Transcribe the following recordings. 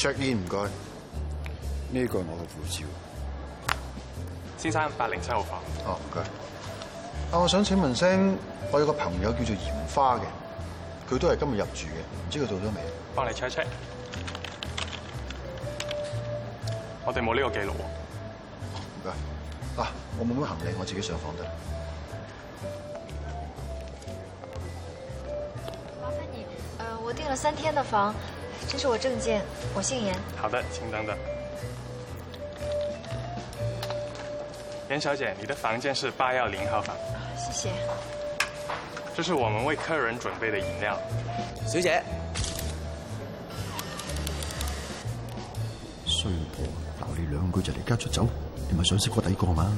check in 唔該，呢個係我嘅護照，先生，八零七號房。哦，唔該，但我想請問聲，我有個朋友叫做嚴花嘅，佢都係今日入住嘅，唔知佢到咗未？幫你 check check，我哋冇呢個記錄喎。唔該，嗱，我冇乜行李，我自己上房得啦。麻煩你，呃，我訂咗三天嘅房。這是我證件，我姓嚴。好的，請等等。嚴小姐，你的房間是八幺零號房。謝謝。這是我們為客人準備的飲料。小姐。衰婆鬧你兩句就離家出走，你咪想識我第二個嘛？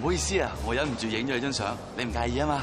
唔好意思啊，我忍唔住影咗你張相，你唔介意啊嘛？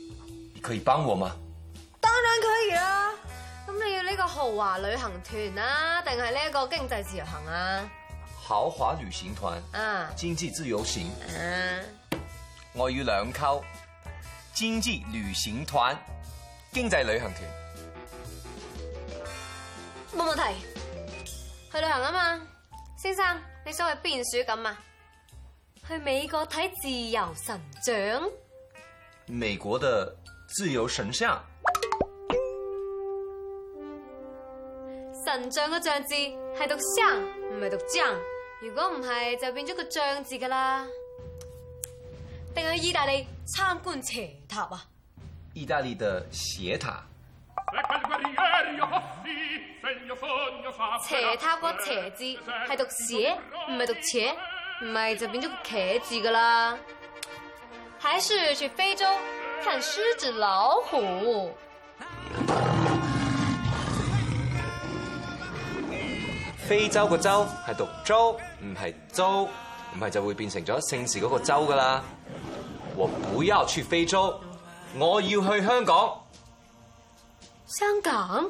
可以幫我嗎？當然可以啊，咁你要呢個豪華旅行團啊，定係呢一個經濟自由行啊？豪華旅行團，啊。經濟自由行，啊。我要兩溝經濟旅行團，經濟旅行團冇問題。去旅行啊嘛，先生你想去邊處咁啊？去美國睇自由神像？美國嘅。自由神像，神像個像字係讀像，唔係讀張。如果唔係，就變咗個像字㗎喇。定去意大利參觀斜塔啊？意大利嘅斜塔。斜塔個斜字係讀，讀斜，唔係讀斜，唔係就變咗個茄字㗎喇。還是去非洲。看獅子老虎，非洲個州係讀洲，唔係租，租，唔係就會變成咗姓氏嗰個州噶啦。我不要去非洲，我要去香港。香港。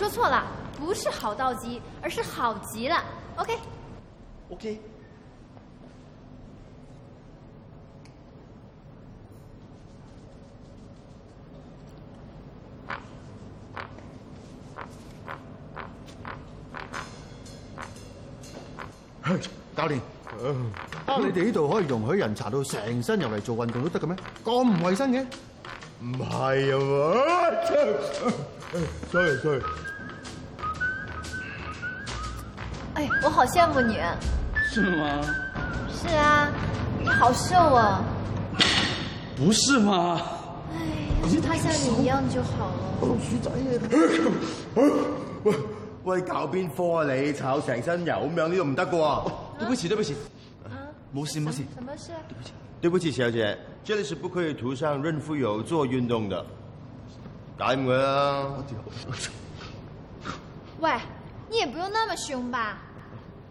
你說錯了，不是好到極，而是好極了。OK，OK。Okay. 教練，啊，你哋呢度可以容許人查到成身入嚟做運動都得嘅咩？咁唔衛生嘅，唔係啊嘛？sorry，sorry。哎我好羨慕你，啊，是嗎？是啊，你好瘦啊！不是嗎？哎，如果他像你一樣就好了。啊， 喂，喂搞邊科你你啊你？炒成身油咁你都唔得噶！哦，對不起對不起，啊，冇事，冇事。什麼事？對不起對不起，小姐，這裏是不可以塗上潤膚油做運動的。咁啊？喂，你也不用那麼凶吧？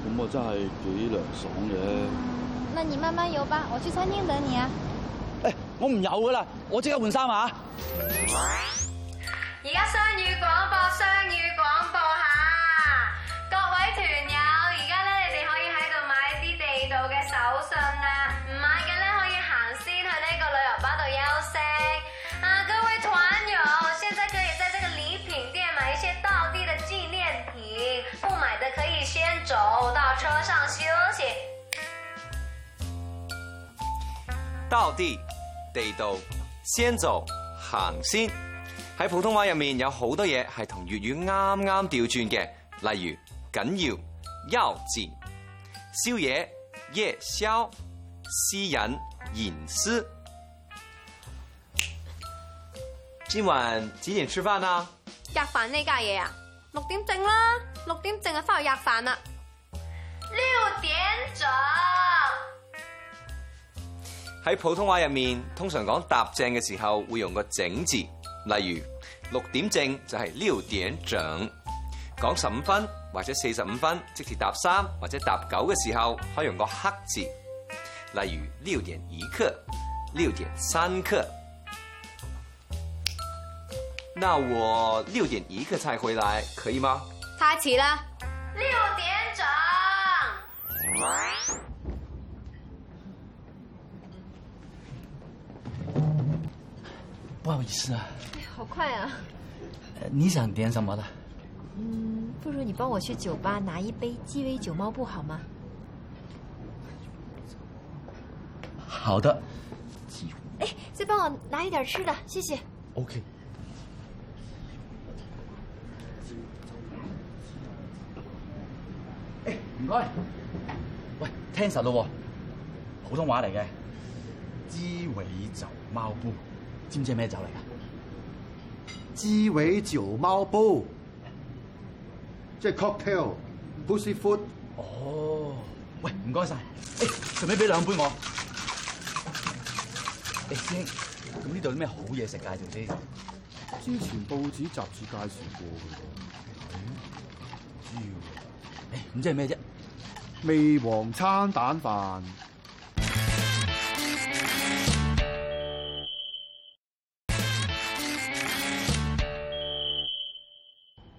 咁我真係幾涼爽嘅。嗯，那你慢慢游吧，我去餐廳等你啊，哎。誒，我唔游，噶啦，我即刻換衫啊。而家雙語廣播，雙語廣。多啲地，地道，先做行先。喺普通話入面有好多嘢係同粵語啱啱調轉嘅，例如緊要、要緊、宵夜、夜宵、私隱、隱私。今晚幾點吃飯啊？食飯呢家嘢啊，六點正啦，六點正啊，翻去食飯啦。六點整。喺普通話入面，通常講搭正嘅時候會用個整字，例如六點正就係六點整。講十五分或者四十五分，即係搭三或者搭九嘅時候，可以用個黑字，例如六點一刻、六點三刻。那我六點一刻才回來，可以嗎？太遲啦，六點整。不好意思啊！哎，好快啊！你想點什麼呢？嗯，不如你幫我去酒吧拿一杯雞尾酒貓布好嗎？好的。哎，再幫我拿一點吃的，謝謝。OK。哎，唔該。喂，聽實了，普通話嚟嘅雞尾酒貓布。知唔知係咩酒嚟噶？雞尾酒貓煲，啊、即係 cocktail，pussy food。哦，喂，唔該晒，誒、欸，順便俾兩杯我。誒、欸，師兄，咁呢度有啲咩好嘢食介紹先？之前報紙雜誌介紹過嘅。唔、嗯、知喎、啊，唔、欸、知係咩啫。味皇餐蛋飯。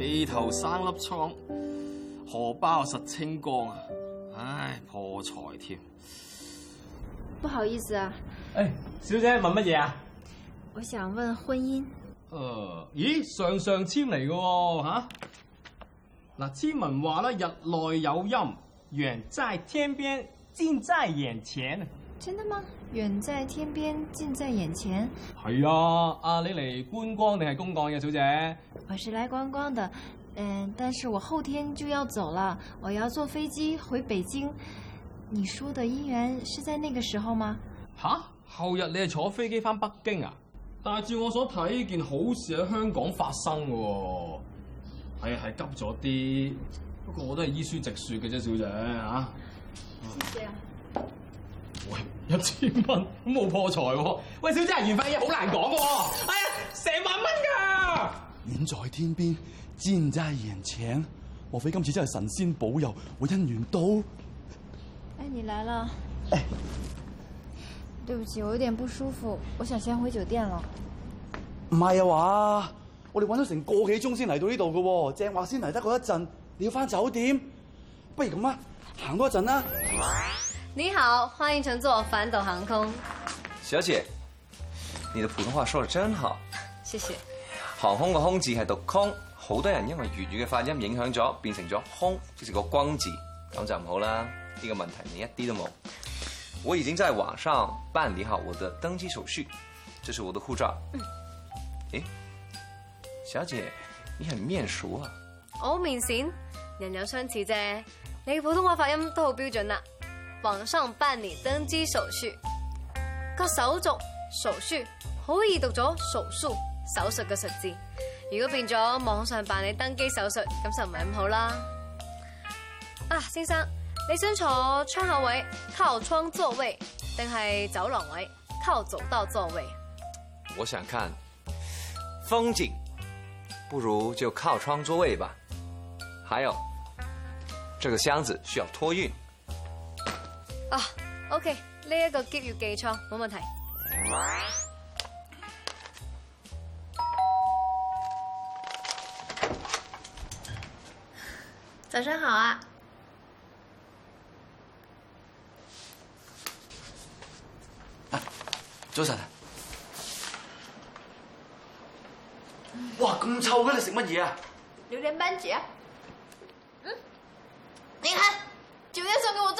眉頭生粒瘡，荷包實清光啊！唉，破財添。不好意思啊。哎、欸，小姐問乜嘢啊？我想問婚姻。誒、呃，咦，上上籤嚟嘅喎，吓、啊。嗱，籤文話啦，日內有陰，遠在天邊，近在眼前。真的嗎？遠在天邊，近在眼前。係啊，啊你嚟觀光定係公幹嘅，小姐？我是來觀光，光的，嗯，但是我後天就要走了，我要坐飛機回北京。你說的姻緣是在那個時候嗎？哈、啊？後日你係坐飛機返北京啊？但係照我所睇，呢件好事喺香港發生嘅。哦，係啊，係急咗啲，不過我都係依書直說嘅啫，小姐啊。謝謝、啊。喂，一千蚊都冇破財喎、啊！喂，小姐，緣分嘢，好難講嘅喎，哎呀，成萬蚊噶！遠在天邊，近在眼前，莫非今次真係神仙保佑我姻緣到？哎，你嚟了。哎，對不起，我有點不舒服，我想先回酒店咯。唔係啊話，我哋搵咗成個幾鐘先嚟到呢度嘅，正話先嚟得嗰一陣，你要返酒店？不如咁啦，行多一陣啦。你好，歡迎乘坐反斗航空，小姐，你的普通話說的真好，謝謝。航空嘅空字係讀空，好多人因為粵語嘅發音影響咗，變成咗空，即、就是個光字，咁就唔好啦。呢、這個問題你一啲都冇。我已經在網上辦理好我的登機手續，這是我的護照。嗯誒，小姐，你很面熟啊。我面善，人有相似啫。你嘅普通話發音都好標準啦、啊。網上辦理登機手續，個手，手續手續可以讀咗手術手術嘅實字，如果變咗網上辦理登機手術，咁就唔係咁好啦。啊，先生，你想坐窗口位靠窗座位，定係走廊位靠走廊座位？我想看風景，不如就靠窗座位吧。還有，這個箱子需要託運。啊，oh，OK，呢一個機要寄倉冇問題。早上好啊，早晨上啊，哇，咁臭嘅，你食乜嘢啊？榴蓮班戟，嗯，你看，酒店送給我。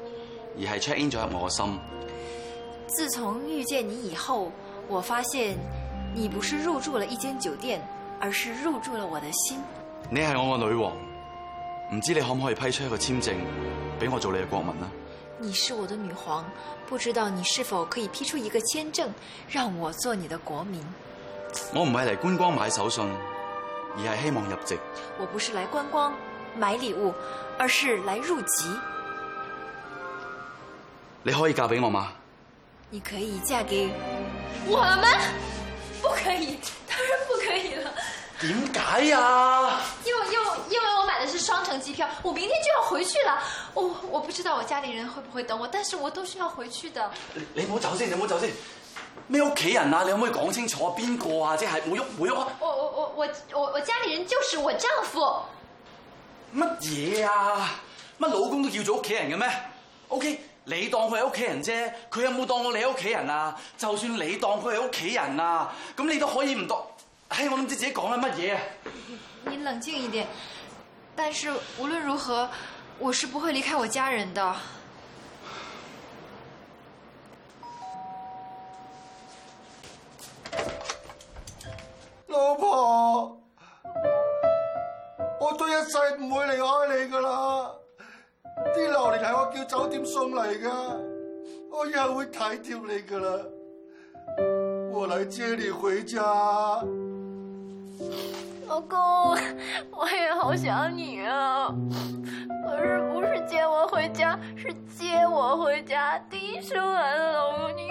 而係 check in 咗入我個心。自從遇見你以後，我發現你不是入住了一間酒店，而是入住了我的心。你係我個女王，唔知你可唔可以批出一個簽證俾我做你嘅國民啊？你是我的女皇，不知道你是否可以批出一個簽證，讓我做你的國民？我唔係嚟觀光買手信，而係希望入籍。我不是來觀光買禮物，而是來入籍。你可以嫁俾我嗎？你可以嫁給我嗎？不可以，當然不可以了。點解啊？因為，因因為我買的是雙程機票，我明天就要回去了。我我不知道我家裏人會不會等我，但是我都是要回去的。你唔好走先，你唔好走先。咩屋企人啊？你可唔可以講清楚邊個啊？即係唔喐唔喐？我我我我我我家裏人就是我丈夫。乜嘢啊？乜老公都叫做屋企人嘅咩？OK。你當佢係屋企人啫，佢有冇當我係屋企人啊？就算你當佢係屋企人啊，咁你都可以唔當。嘿，我都唔知自己講緊乜嘢啊！你冷靜一點，但是無論如何，我是不會離開我家人的。老婆，我都一世唔會離開你㗎喇。.啲榴蓮係我叫酒店送嚟噶，我以後會睇貼你噶啦。我嚟接你回家，老公，我也好想你啊。可是不是接我回家，是接我回家。第一聲喊老公，你。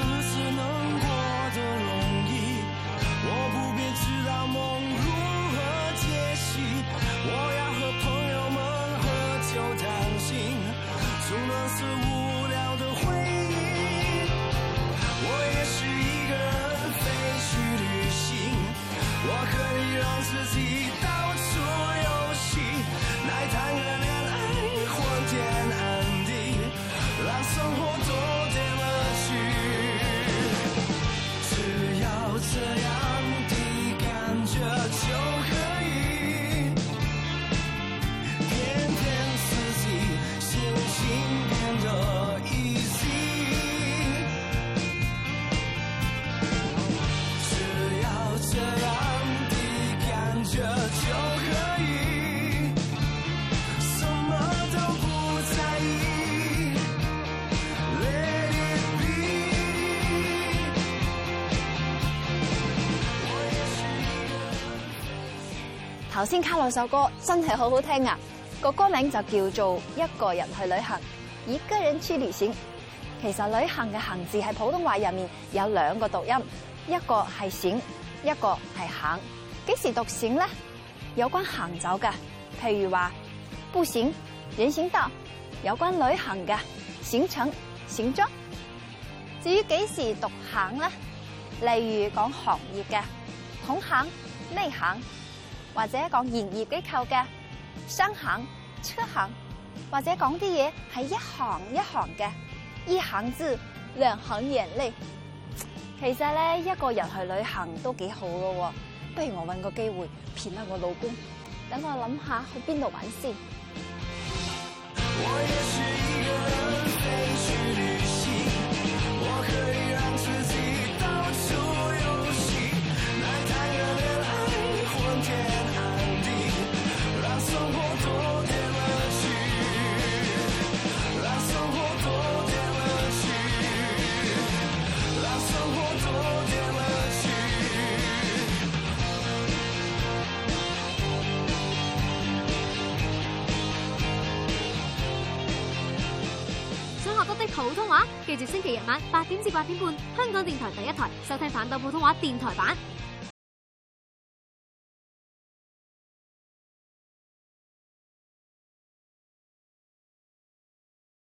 頭先卡嗰首歌真係好好聽啊！個歌名就叫做《一個人去旅行》，一個人去旅行。其實旅行嘅行字喺普通話入面有兩個讀音，一個是，一個係閃，一個係行。幾時讀閃咧？有關行走嘅，譬如話步行、人行道；有關旅行嘅行程、行裝。至於幾時讀行咧？例如講行業嘅同行、呢行。或者講營業機構嘅商行、車行，或者講啲嘢係一行一行嘅，一行字兩行眼淚。其實咧，一個人去旅行都幾好噶，不如我搵個機會騙下我老公，等我諗下去邊度玩先。記住星期日晚八點至八點半，香港電台第一台收聽反斗普通話電台版。